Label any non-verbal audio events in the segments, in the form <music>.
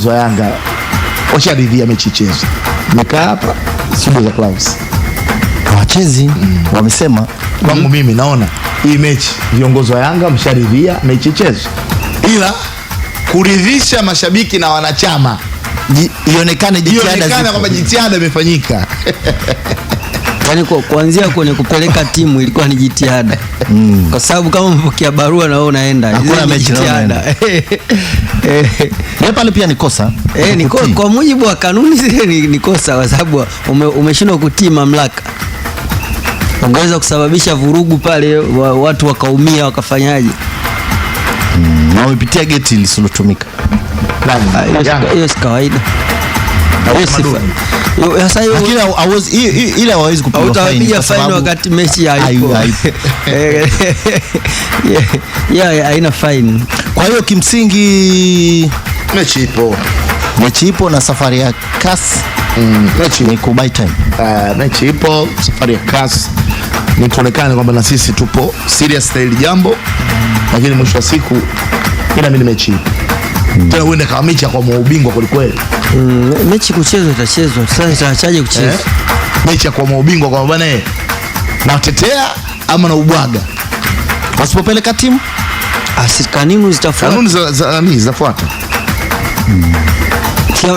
za Yanga washaridhia mechi chezo Nimekaa hapa studio za Clouds wachezi mm. wamesema kwangu mm. mimi naona hii mechi viongozi wa Yanga msharidhia mechi chezo ila kuridhisha mashabiki na wanachama ionekane jitihada imefanyika. <laughs> yani kuanzia kwenye kupeleka timu ilikuwa ni jitihada mm. kwa sababu kama mpokea barua na wewe unaenda jitihada eh, <laughs> pale pia ni kosa eh, ni kwa mujibu wa kanuni zile <laughs> ni kosa, kwa sababu umeshindwa kutii mamlaka ungeweza kusababisha vurugu pale, wa, watu wakaumia wakafanyaje? Mm, na umepitia geti lisilotumika, ah, hiyo si kawaida ila kwa <laughs> haina Kwa hiyo kimsingi mechi ipo, mechi ipo na safari ya CAS mm, mechi ni kubai time. Ah, mechi ipo, safari ya CAS ni kuonekana kwamba na sisi tupo serious na hili jambo, lakini mwisho wa siku inaamini mechi ipo. Hmm. Tena uende kama mechi kwa maubingwa kwelikweli kweli. Hmm, mechi kuchezwa itachezwa, sasa itaachaje kucheza eh? Mechi ya kwa maubingwa kwa bwana eh, natetea ama na ubwaga, wasipopeleka timu ah, kanuni zitafuata, kanuni za za zitafuata hmm.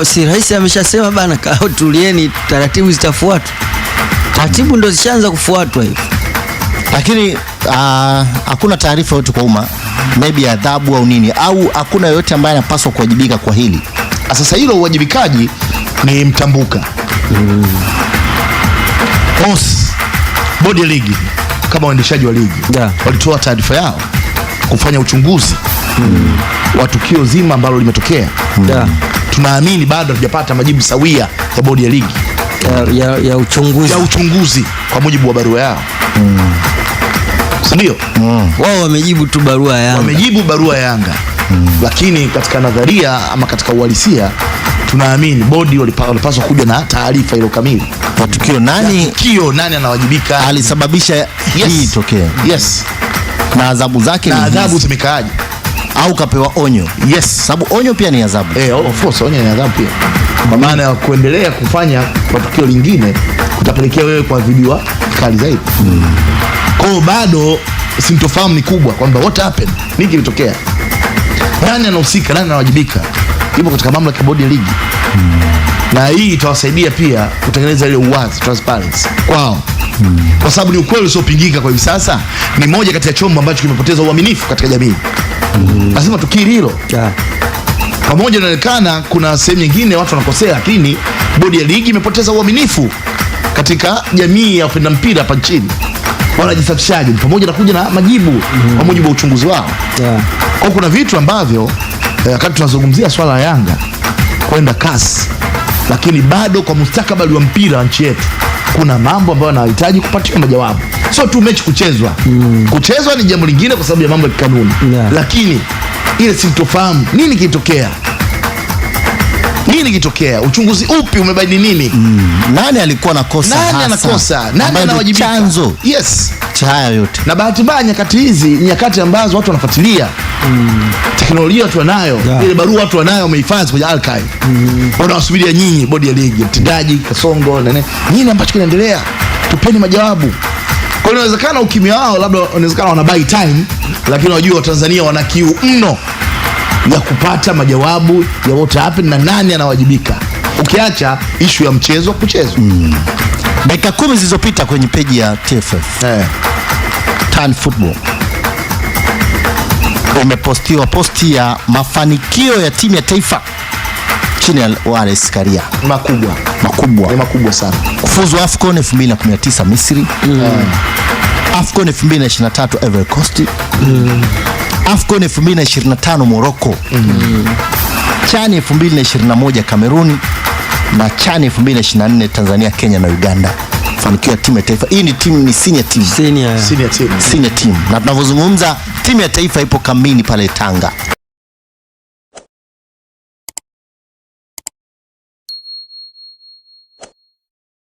Si rais ameshasema bana, kao <laughs> tulieni, taratibu zitafuatwa. Taratibu ndo zishaanza kufuatwa hivi, lakini Ah, hakuna taarifa yote kwa umma, maybe adhabu au nini, au hakuna yoyote ambaye anapaswa kuwajibika kwa hili. Ah, sasa hilo uwajibikaji ni mtambuka mm. bodi ya ligi kama waendeshaji wa ligi yeah, walitoa taarifa yao kufanya uchunguzi mm. wa tukio zima ambalo limetokea yeah. Tunaamini bado hatujapata majibu sawia ya bodi ya ligi ya, ya, ya, uchunguzi. ya uchunguzi kwa mujibu wa barua yao mm sindio Mm. Wao wamejibu tu barua ya Yanga. Wamejibu barua ya Yanga. Mm. Lakini katika nadharia ama katika uhalisia tunaamini bodi walipaswa kuja na taarifa ile kamili. Tukio nani? Tukio nani anawajibika? Alisababisha yes. Hii tokeo. Yes. Na adhabu zake ni adhabu zimekaaje? Au kapewa onyo? Yes. Sababu onyo pia ni adhabu. Eh, oh, of course onyo ni adhabu pia. Kwa maana ya kuendelea kufanya kwa tukio lingine kutapelekea wewe kuadhibiwa kali zaidi. Mm kwao bado sintofahamu ni kubwa kwamba what happened, nini kilitokea, nani anahusika, nani anawajibika. Ipo katika mamlaka ya bodi ya ligi hmm. na hii itawasaidia pia kutengeneza ile uwazi transparency kwao hmm. kwa sababu ni ukweli usiopingika kwa hivi sasa, ni moja kati ya chombo ambacho kimepoteza uaminifu katika jamii hmm. lazima tukiri hilo yeah. Pamoja inaonekana kuna sehemu nyingine watu wanakosea, lakini bodi ya ligi imepoteza uaminifu katika jamii ya wapenda mpira hapa nchini wanajisafishaje pamoja na kuja na majibu mm. kwa mujibu wa uchunguzi wao yeah. Kwa kuna vitu ambavyo eh, wakati eh, tunazungumzia swala la Yanga kwenda kasi, lakini bado kwa mustakabali wa mpira wa nchi yetu kuna mambo ambayo yanahitaji kupatiwa majawabu, sio tu mechi kuchezwa mm. Kuchezwa ni jambo lingine kwa sababu ya mambo ya kikanuni yeah. Lakini ile sintofahamu nini kilitokea nini kitokea? Uchunguzi upi umebaini nini? Mm. Nani alikuwa nakosa Nani anakosa? Nani Chanzo. Yes. Cha haya yote. Na bahati mbaya nyakati hizi, nyakati ambazo watu wanafuatilia mm. teknolojia watu wanayo, yeah. Ile barua watu wanayo wamehifadhi kwenye archive. Mm. Wanawasubiria nyinyi bodi ya ligi, mtendaji Kasongo na nini. Nini ambacho kinaendelea? Tupeni majawabu. Kwa hiyo inawezekana ukimya wao labda inawezekana wana buy time, lakini wajua Watanzania wana kiu mno ya kupata majawabu ya what happened na nani anawajibika, ukiacha ishu ya mchezo kuchezwa. Mm. Dakika kumi zilizopita kwenye peji ya TFF eh, Tan Football umepostiwa posti ya mafanikio ya timu ya taifa chini ya Wallace Karia makubwa makubwa ni eh, makubwa sana, kufuzu AFCON 2019 Misri, mm. AFCON 2023 Ivory Coast mm. AFCON 2025 Morocco, mm CHAN 2021 Kameruni na CHAN 2024 Tanzania, Kenya na Uganda. Fanikiwa timu ya taifa hii ni timu ni senior team. Senior. Senior team. Senior team. Na tunavyozungumza timu ya taifa ipo kambini pale Tanga.